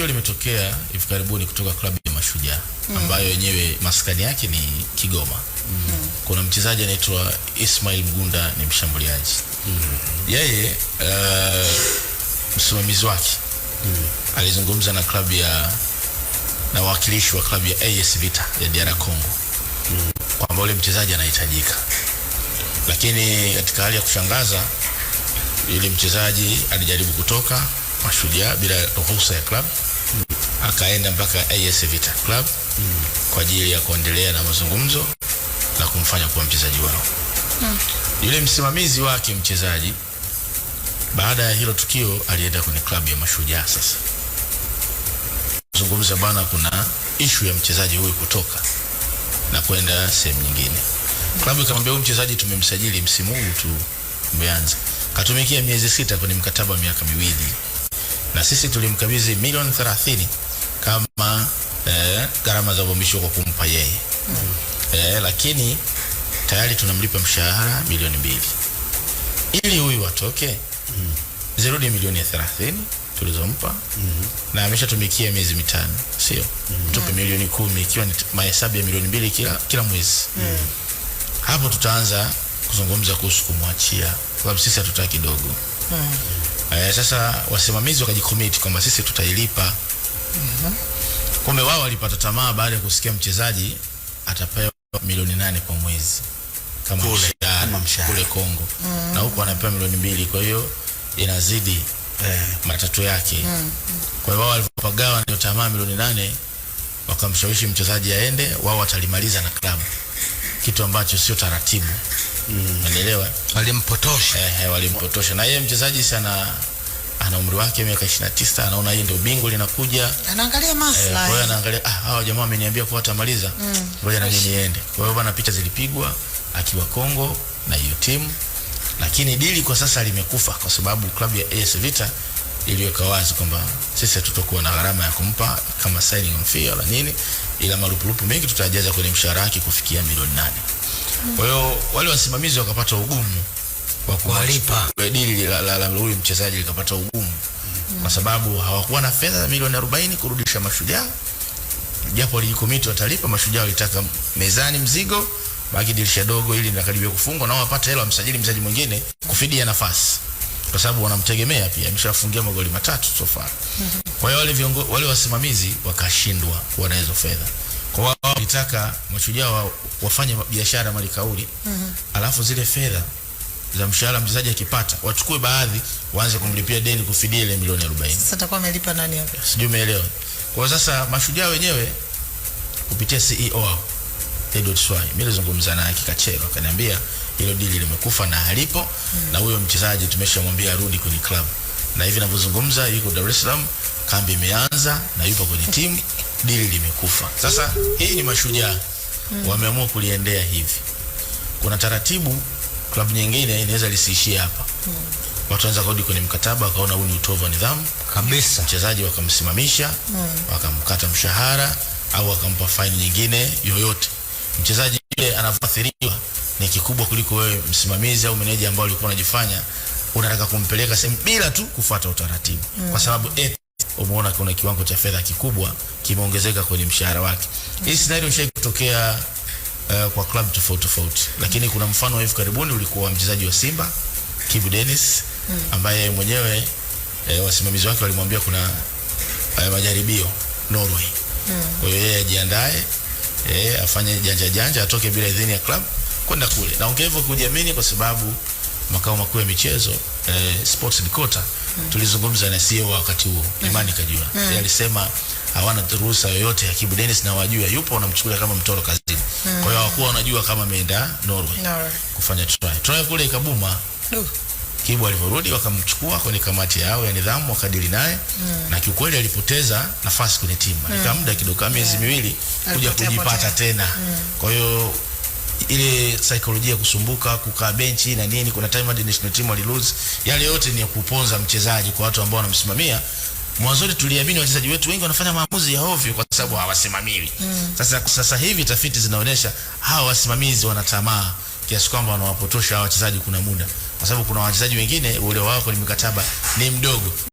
tukio limetokea hivi karibuni kutoka klabu ya Mashujaa mm. ambayo yenyewe maskani yake ni Kigoma mm. kuna mchezaji anaitwa Ismail Mgunda ni mshambuliaji mm. yeye uh, msimamizi wake mm. alizungumza na klabu ya na wawakilishi wa klabu ya AS Vita ya DR Congo mm. kwamba ule mchezaji anahitajika, lakini katika hali ya kushangaza yule mchezaji alijaribu kutoka Mashujaa bila ruhusa ya klabu akaenda mpaka AS Vita Club mm. kwa ajili ya kuendelea na mazungumzo na kumfanya kuwa mchezaji wao mm. Yule msimamizi wake mchezaji, baada ya hilo tukio, alienda kwenye klabu ya Mashujaa. Sasa zungumza bwana, kuna ishu ya mchezaji huyu kutoka na kwenda sehemu nyingine. Klabu ikamwambia huyu mchezaji tumemsajili msimu huu tu umeanza, katumikia miezi sita kwenye mkataba wa miaka miwili, na sisi tulimkabidhi milioni 30 ma eh, gharama za uhamisho kwa kumpa yeye mm. Eh, lakini tayari tunamlipa mshahara milioni mbili ili huyu watoke mm. zirudi milioni ya 30 tulizompa mm -hmm. na ameshatumikia miezi mitano sio? mm -hmm. tupe milioni kumi ikiwa ni mahesabu ya milioni mbili kila, kila mwezi mm -hmm. hapo tutaanza kuzungumza kuhusu kumwachia kwa sababu sisi hatutaki kidogo mm -hmm. Eh, sasa wasimamizi wakajikomiti kwamba sisi tutailipa mm -hmm. Kumbe wao walipata tamaa baada ya kusikia mchezaji atapewa milioni nane kwa mwezi kama kule, kule Kongo mm. na huko anapewa milioni mbili kwa hiyo inazidi eh, matatu yake mm. kwa hiyo wao walipogawa ndio tamaa milioni nane wakamshawishi mchezaji aende, wao watalimaliza na klabu, kitu ambacho sio taratibu mm. Unaelewa, walimpotosha eh, eh, walimpotosha na yeye mchezaji sana ana umri wake miaka 29, anaona hii ndio bingo linakuja, anaangalia maslahi. Eh, kwa hiyo anaangalia, ah, hawa jamaa wameniambia kwa atamaliza, mm. ngoja na mimi niende. Kwa hiyo bwana, picha zilipigwa akiwa Kongo na hiyo timu, lakini dili kwa sasa limekufa kwa sababu klabu ya AS Vita iliweka wazi kwamba sisi hatutakuwa na gharama ya kumpa kama signing fee wala nini, ila marupurupu mengi tutajaza kwenye mshahara wake kufikia milioni nane. Mm. Kwa hiyo wale wasimamizi wakapata ugumu wa kuwalipa dili la la, la, huyu mchezaji likapata ugumu kwa sababu hawakuwa na fedha milioni 40 kurudisha Mashujaa, japo walijikomiti watalipa. Mashujaa walitaka mezani mzigo baki dirisha dogo ili nakaribia kufungwa, nao wapate hela wamsajili mchezaji mwingine kufidia nafasi, kwa sababu wanamtegemea pia, ameshafungia magoli matatu so far. Kwa hiyo wale viongozi wale wasimamizi wakashindwa kuwa na hizo fedha, kwa wao walitaka Mashujaa wa, wafanye biashara mali kauli, alafu zile fedha za mshahara mchezaji akipata, wachukue baadhi waanze kumlipia deni kufidia ile milioni 40. Sasa atakuwa amelipa nani hapo? Sijui umeelewa. Kwa sasa mashujaa wenyewe kupitia CEO wao Edward Swai, mimi nilizungumza naye kikachero, akaniambia hilo dili limekufa na halipo mm. na huyo mchezaji tumeshamwambia arudi kwenye club, na hivi ninavyozungumza yuko Dar es Salaam, kambi imeanza na yupo kwenye timu dili limekufa. Sasa hii ni mashujaa mm. wameamua kuliendea hivi. Kuna taratibu klabu nyingine inaweza lisiishie hapa mm. Watu wanaanza kurudi kwenye mkataba, wakaona huu ni utovu wa nidhamu kabisa, mchezaji wakamsimamisha mm. wakamkata mshahara au wakampa faini nyingine yoyote. Mchezaji yule anavyoathiriwa ni kikubwa kuliko wewe msimamizi au meneja ambao ulikuwa unajifanya unataka kumpeleka sehemu bila tu kufuata utaratibu mm. kwa hmm. sababu eh, umeona kuna kiwango cha fedha kikubwa kimeongezeka kwenye mshahara wake. Hii hmm. scenario imeshaikutokea uh, kwa club tofauti tofauti, lakini kuna mfano hivi karibuni ulikuwa mchezaji wa Simba Kibu Dennis hmm. ambaye mwenyewe eh, wasimamizi wake walimwambia kuna eh, majaribio Norway. Hmm. Kwa hiyo yeye ajiandae, eh, afanye janja janja, atoke bila idhini ya club kwenda kule. Naongea hivyo kujiamini kwa sababu makao makuu ya michezo eh, sports quota, hmm. tulizungumza na CEO wakati huo Imani Kajua, yeye alisema hawana ruhusa yoyote ya Kibu Dennis na wajua yupo wanamchukulia kama mtoro kazini. Mm. Kwa hiyo hawakuwa wanajua kama ameenda Norway, no. kufanya try. Try kule ikabuma. Duh. Kibu alivyorudi wakamchukua kwenye kamati yao ya nidhamu wakadili naye mm. na kiukweli alipoteza nafasi kwenye timu. Mm. ika muda kidogo kama miezi yeah. miwili kuja kujipata tena. Mm. Kwa hiyo ile saikolojia kusumbuka kukaa benchi na nini, kuna time hadi national team wali lose. Yale yote ni ya kuponza mchezaji kwa watu ambao wanamsimamia mwanzoni tuliamini wachezaji wetu wengi wanafanya maamuzi ya ovyo kwa sababu hawasimamiwi. Mm. Sasa sasa hivi tafiti zinaonyesha hawa wasimamizi wana tamaa kiasi kwamba wanawapotosha hawa wachezaji kuna muda, kwa sababu kuna wachezaji wengine uelewa wako ni mikataba ni mdogo,